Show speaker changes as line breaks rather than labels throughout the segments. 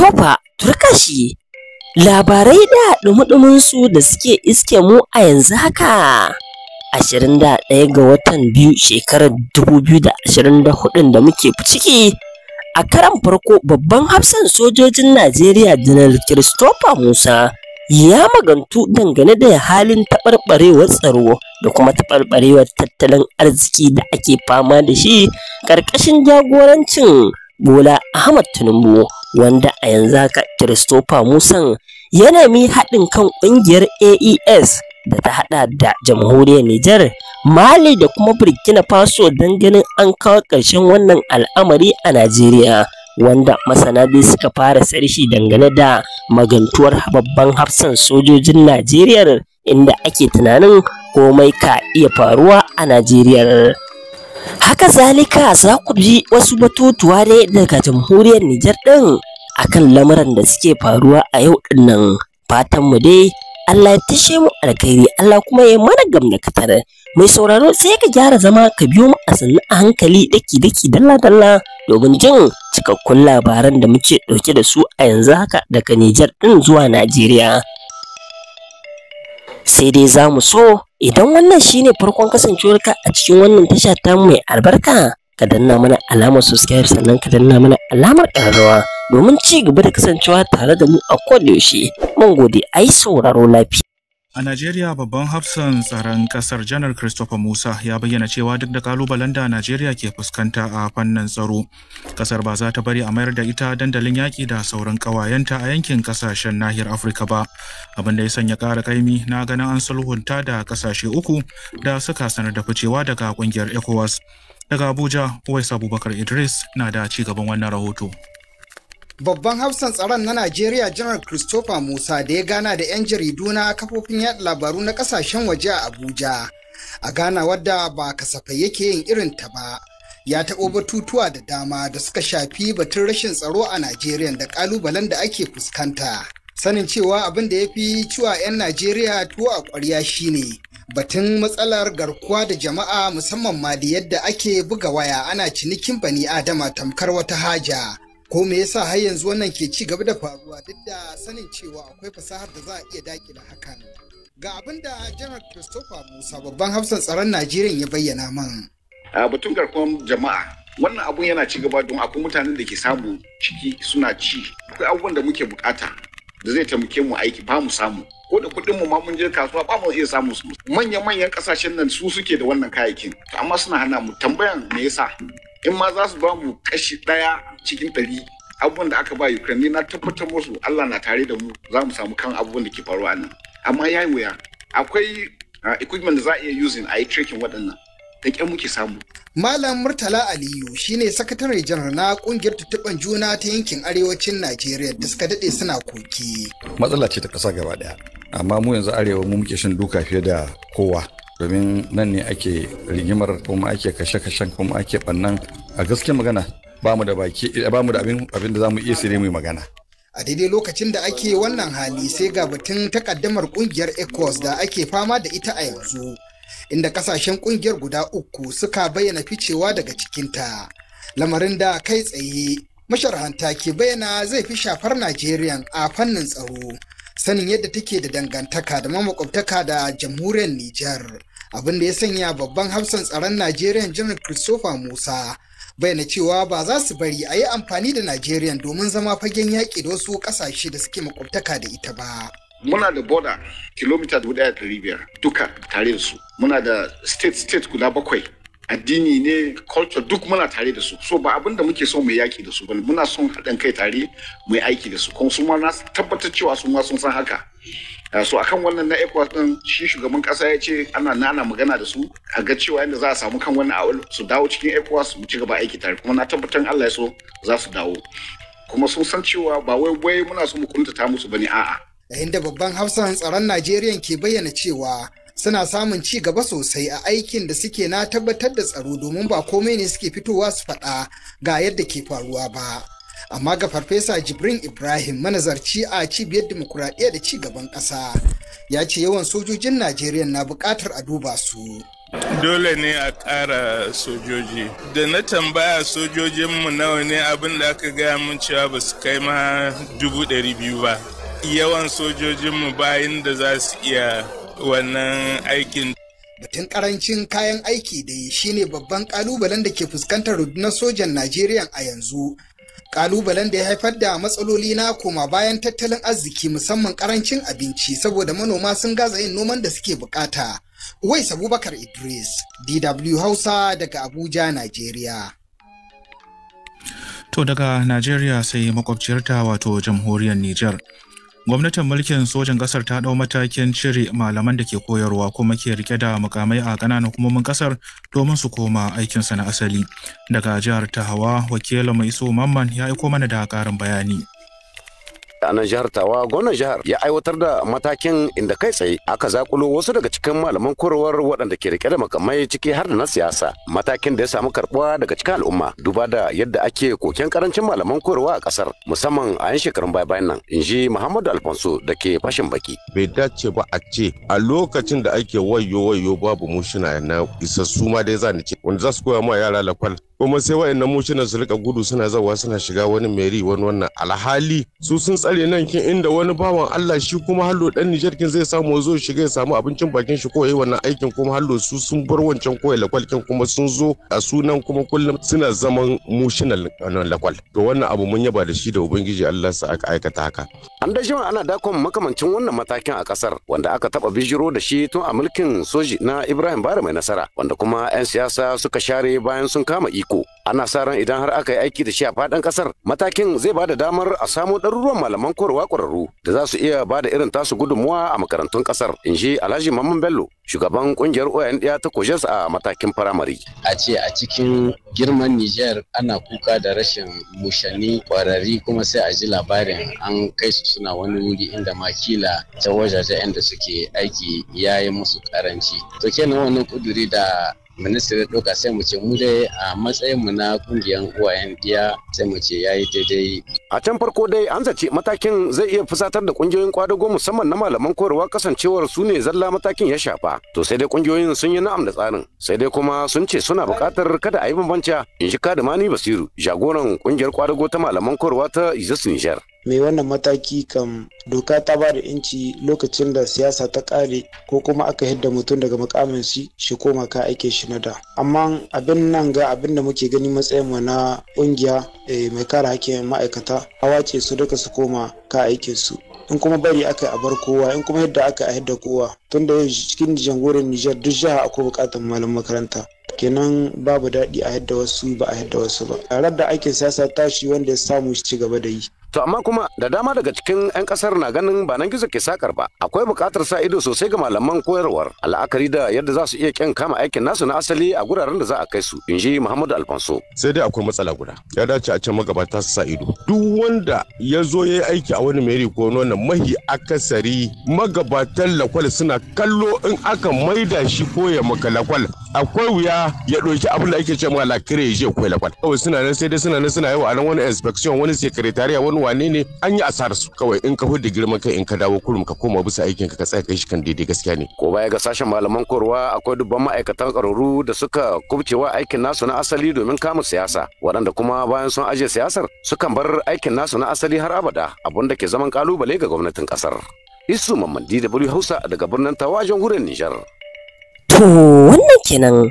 tofa turkashi labarai da dumi su da suke iske mu a yanzu haka 21 ga watan biyu shekarar 2024 da muke ciki a karan farko babban hafsan sojojin najeriya janar christopher musa ya magantu dangane da halin taɓarɓarewar tsaro da kuma taɓarɓarewar tattalin arziki da ake fama da shi ƙarƙashin jagorancin bola ahmad tinubu wanda a yanzu haka Christopher Musan ya nemi haɗin kan ƙungiyar AES da ta haɗa da jamhuriyar Nijar, Mali da kuma Burkina Faso don ganin an kawo ƙarshen wannan al'amari a Najeriya. Wanda masana dai suka fara sarshi dangane da magantuwar babban hafsan sojojin Najeriya inda ake tunanin komai ka iya faruwa a Najeriya. haka zalika za ku ji wasu batutuwa ne daga jamhuriyar Nijar ɗin akan lamuran da suke faruwa a yau ɗin nan fatan mu dai Allah ya tashe mu alkhairi Allah kuma ya mana gamnakatar mai sauraro sai ka gyara zama ka biyo mu a sannu a hankali daki daki dalla dalla domin jin cikakkun labaran da muke ɗauke da su a yanzu haka daga Nijar ɗin zuwa Najeriya sai dai za mu so idan wannan shine farkon kasancewarka a cikin wannan tasha ta mai albarka ka danna mana alamar subscribe sannan ka danna mana alamar ƙararrawa domin ci gaba da kasancewa tare da mu a kodayaushe mun gode ai sauraro lafiya
A Najeriya babban hafsan tsaron kasar janar Christopher Musa ya bayyana cewa duk da kalubalen da Najeriya ke fuskanta a fannin tsaro, kasar ba za ta bari a mayar da ita dandalin yaƙi da sauran ƙawayenta a yankin ƙasashen nahiyar Afirka ba, abin da ya sanya ƙara kaimi na ganin an sulhunta da ƙasashe uku da suka sanar da ficewa daga ƙungiyar ECOWAS. Daga Abuja, Uwais Abubakar Idris na da ci gaban wannan rahoto.
Babban hafsan tsaron na Najeriya Janar Christopher Musa da ya gana da 'yan jaridu na kafofin yaɗa labaru na ƙasashen waje a Abuja. A gana wadda ba kasafai yake yin irin ta ba. Ya taɓo batutuwa da dama da suka shafi batun rashin tsaro a Najeriya da ƙalubalen da ake fuskanta. Sanin cewa abin da ya fi ciwa 'yan Najeriya tuwo a ƙwarya shine batun matsalar garkuwa da jama'a musamman ma da yadda ake buga waya ana cinikin bani adama tamkar wata haja. ko me yasa har yanzu wannan ke ci gaba da faruwa duk da sanin cewa akwai fasahar da za a iya dakila hakan ga abin da janar christopher musa babban hafsan tsaron najeriya ya bayyana man
a batun garkon jama'a wannan abun yana ci gaba don akwai mutanen da ke samu ciki suna ci akwai abubuwan da muke bukata da zai taimake mu aiki ba mu samu ko da kuɗin mu ma mun je kasuwa ba mu iya samu su manyan manyan kasashen nan su suke da wannan kayayyakin amma suna hana mu tambayan me yasa in ma za su ba mu kashi ɗaya cikin ɗari abubuwan da aka ba Ukraine na tabbatar musu Allah na tare da mu za mu samu kan abubuwan da ke faruwa nan amma ya yi wuya akwai ah, equipment da za a iya using a yi tracking waɗannan da ƙyan muke
samu. Malam Murtala Aliyu shine sakatare janar na kungiyar tuttuban juna ta yankin arewacin Najeriya da suka daɗe suna koki.
Matsala ce ta ƙasa gaba ɗaya, amma
mu yanzu arewa mu muke shan duka fiye da kowa. domin nan ne ake rigimar kuma ake kashe-kashen kuma ake bannan a gaske magana ba mu da baki da abin mu iya sire mu magana
a daidai lokacin da ake wannan hali sai ga batun takaddamar kungiyar ecos da ake fama da ita a yanzu inda kasashen kungiyar guda uku suka bayyana ficewa daga cikinta lamarin da kai tsaye masharhanta ke bayyana zai fi shafar najeriya a fannin tsaro sanin yadda take da dangantaka da mamakwabtaka da jamhuriyar nijar abin da ya sanya babban hafsan tsaron najeriya janar christopher musa bayyana cewa ba za su bari a yi amfani da Najeriya domin zama fagen yaƙi da wasu ƙasashe da suke makwabtaka da ita ba.
Muna da border kilomita da biyar, duka tare da su. Muna da state-state guda bakwai. Addini ne, culture duk muna tare da su. So ba abin da muke so mai yaƙi da su ba. Muna son haɗin kai tare mai aiki da su. Kuma su ma na tabbatar cewa su ma sun san haka. Ah, so akan wannan na ecowas din shi shugaban ƙasa ya ce ana nana magana da su a ga cewa yadda za a samu kan wannan awal su dawo cikin ecowas mu ci gaba aiki tare kuma na tabbatar Allah ya so za su dawo kuma sun san cewa ba wai wai muna so mu kuntata musu bane a'a
yayin da babban hafsan tsaron Najeriya ke bayyana cewa suna samun ci gaba sosai a aikin da suke na tabbatar da tsaro domin ba komai ne suke fitowa su faɗa ga yadda ke faruwa ba amma ga farfesa jibrin ibrahim manazarci a cibiyar dimokuraɗiyya da ci gaban ƙasa ya ce yawan sojojin najeriya na buƙatar a duba su
Dole ne a ƙara sojoji. Da na tambaya sojojinmu nawa ne abin da aka gaya mun cewa ba su kai ma dubu ɗari biyu ba. Yawan sojojinmu bayan da za su iya wannan aikin.
Batun karancin kayan aiki da shi shine babban ƙalubalen da ke fuskantar rundunar sojan Najeriya a yanzu. Ƙalubalen da ya haifar da matsaloli na koma bayan tattalin arziki musamman ƙarancin abinci saboda manoma sun gaza yin noman da suke buƙata. Uwais Abubakar Idris, DW Hausa daga Abuja, Najeriya.
To daga Najeriya sai makwabciyarta wato jamhuriyar Nijar. Gwamnatin mulkin sojan kasar ta ɗau matakin cire malaman da ke koyarwa kuma ke rike da mukamai a ƙananan hukumomin kasar domin su koma aikinsa na asali. Daga jihar Tahawa, wakilin mai so Mamman ya aiko mana da ƙarin bayani.
na jihar Tawa gwamnan jihar ya aiwatar da matakin inda kai tsaye aka zakulo wasu daga cikin malaman korowar waɗanda ke rike da makamai ciki har da na siyasa matakin da ya samu karɓuwa daga cikin al'umma duba da yadda ake koken karancin malaman koyarwa a ƙasar musamman a yan shekarun baya bayan nan in ji Muhammadu Alfonso da ke fashin baki.
Bai dace ba a ce a lokacin da ake wayo wayo babu mushina na isassu ma dai za ni ce wanda za su koya ma yara lakwal kuma sai waɗannan mucinan su rika gudu suna zawa suna shiga wani meri wani wannan alhali su sun tsare nan kin inda wani bawan Allah shi kuma hallo dan Niger kin zai samu zo shiga ya samu abincin bakin shi ko yayi wannan aikin kuma hallo su sun bar wancan ko lakwal kin kuma sun zo a sunan kuma kullum suna zaman wannan lakwal to wannan abu mun yaba da shi da ubangiji Allah sa aka aikata haka an da jiwa ana dakon makamancin wannan matakin a kasar
wanda aka taba bijiro da shi tun a mulkin soji na Ibrahim Bara mai nasara wanda kuma 'yan siyasa suka share bayan sun kama iko iko ana sa ran idan har aka yi aiki da shi a faɗin ƙasar matakin zai ba da damar a samo ɗaruruwan malaman korowa ƙwararru da za su iya ba da irin tasu gudunmuwa a makarantun ƙasar in ji alhaji mamman bello shugaban ƙungiyar oyan ɗaya ta kojes a matakin firamare. a ce a cikin girman niger ana kuka da rashin mushani ƙwararri kuma sai a ji labarin an kai su suna wani wuri inda makila ta wajajen da suke aiki ya yi musu karanci to kenan wannan kuduri da ministry ɗauka sai mu ce mu dai a matsayin mu na kungiyar uwayen ɗiya sai mu ce yayi daidai. A can farko dai an zace matakin zai iya fusatar da kungiyoyin kwadago musamman na malaman koyarwa kasancewar su ne zalla matakin ya shafa. To sai dai kungiyoyin sun yi na'am da tsarin sai dai kuma sun ce suna buƙatar kada a yi bambanci in shi Kadamani Basiru jagoran kungiyar kwadago ta malaman koyarwa ta Isis Nijar.
mai wannan mataki kam doka ta ba da inci lokacin da siyasa ta kare ko kuma aka hidda mutum daga mukamin shi shi koma ka aike shi na da amma abin nan ga abin da muke gani matsayin na kungiya eh, mai kare hakkin ma'aikata hawa ce su duka su koma ka aikin su in kuma bari aka a bar kowa in kuma yadda aka a yadda kowa tun da yau cikin jangoren Nijar duk jiha akwai bukatar malam makaranta kenan babu daɗi a yadda wasu ba a yadda wasu ba. a da aikin siyasa tashi wanda ya samu ci gaba da yi.
To amma kuma da dama daga cikin 'yan kasar na ganin ba nan gizo ke sakar ba. Akwai buƙatar sa ido sosai ga malaman koyarwar, al'akari da yadda za su iya kyan kama aikin nasu na asali a guraren da za
a kai su, in ji Muhammadu Alfonso. Sai dai akwai matsala guda, ya dace a can magabata su sa ido. Duk wanda ya zo ya yi aiki a wani meri ko nuna mahi akasari magabatan lakwal suna kallo in aka maida shi ko ya maka lakwal. Akwai wuya ya ɗauki abin da ake ce ma lakire ya je koyi lakwal. Kawai suna nan sai dai suna nan suna yawa a nan wani inspection wani secretariat wani wani wane ne an yi asarar su kawai in ka da girman kai in ka dawo kurum ka koma bisa aikin ka ka tsaya kai shi kan daidai gaskiya ne
ko baya ga sashen malaman korwa akwai dubban ma'aikatan ƙwararru da suka kubcewa aikin nasu na asali domin kama siyasa waɗanda kuma bayan sun ajiye siyasar sukan bar aikin nasu na asali har abada abun da ke zaman kalubale ga gwamnatin ƙasar isu mamman dw hausa daga birnin tawajen wurin nijar
to wannan kenan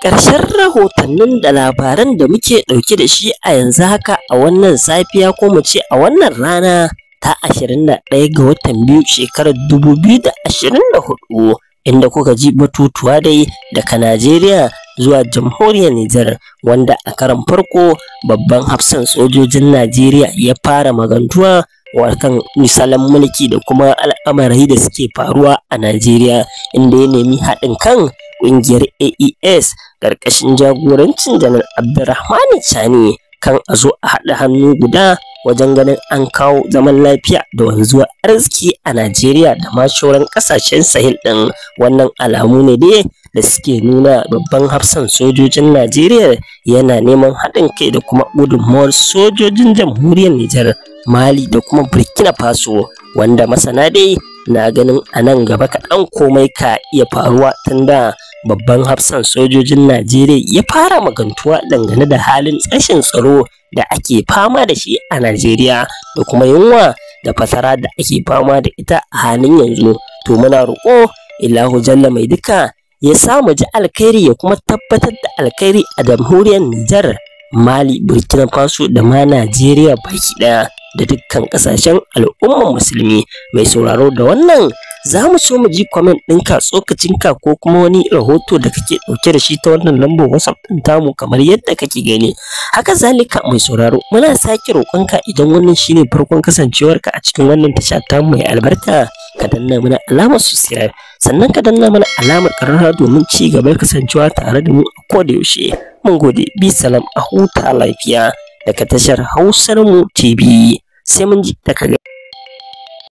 Ƙarshen rahotannin da labaran da muke ɗauke da shi a yanzu haka a wannan safiya ko mu ce a wannan rana ta 21 ga watan biyu shekarar 2024 inda kuka ji batutuwa dai daga Najeriya zuwa jamhuriyar Nijar wanda a karan farko babban hafsan sojojin Najeriya ya fara magantuwa kan misalan mulki da kuma al'amari da suke faruwa a Najeriya inda ya nemi haɗin kan ƙungiyar AES ƙarƙashin jagorancin Janar Abdurrahman Chani kan a zo a haɗa hannu guda wajen ganin an kawo zaman lafiya da wanzuwar arziki a Najeriya da ma shauran ƙasashen sahil ɗin wannan alamu ne dai da suke nuna babban hafsan sojojin Najeriya yana neman haɗin kai da kuma gudunmawar sojojin jamhuriyar Nijar mali da kuma burkina faso wanda masana dai na ganin a nan gaba kaɗan komai ka iya faruwa tun da babban hafsan sojojin najeriya ya fara magantuwa dangane da halin tsashin tsaro da ake fama da shi a najeriya da kuma yunwa da fasara da ake fama da ita a halin yanzu to muna roƙo ilahu jalla mai duka ya samu ji alkhairi ya kuma tabbatar da alkhairi a jamhuriyar nijar mali burkina faso da ma najeriya baki ɗaya da dukkan kasashen al'ummar musulmi mai sauraro da wannan za mu so mu ji comment ɗinka ka ko kuma wani rahoto da kake ɗauke da shi ta wannan lambar whatsapp ɗin tamu kamar yadda kake gani haka zalika mai sauraro muna sake roƙonka idan wannan shine farkon kasancewarka a cikin wannan tasha ta mai albarka ka danna mana alamar subscribe sannan ka danna mana alamar karara domin ci gaban kasancewa tare da mu a kodayaushe mun gode bi salam a huta lafiya daga tashar hausar mu tv sai mun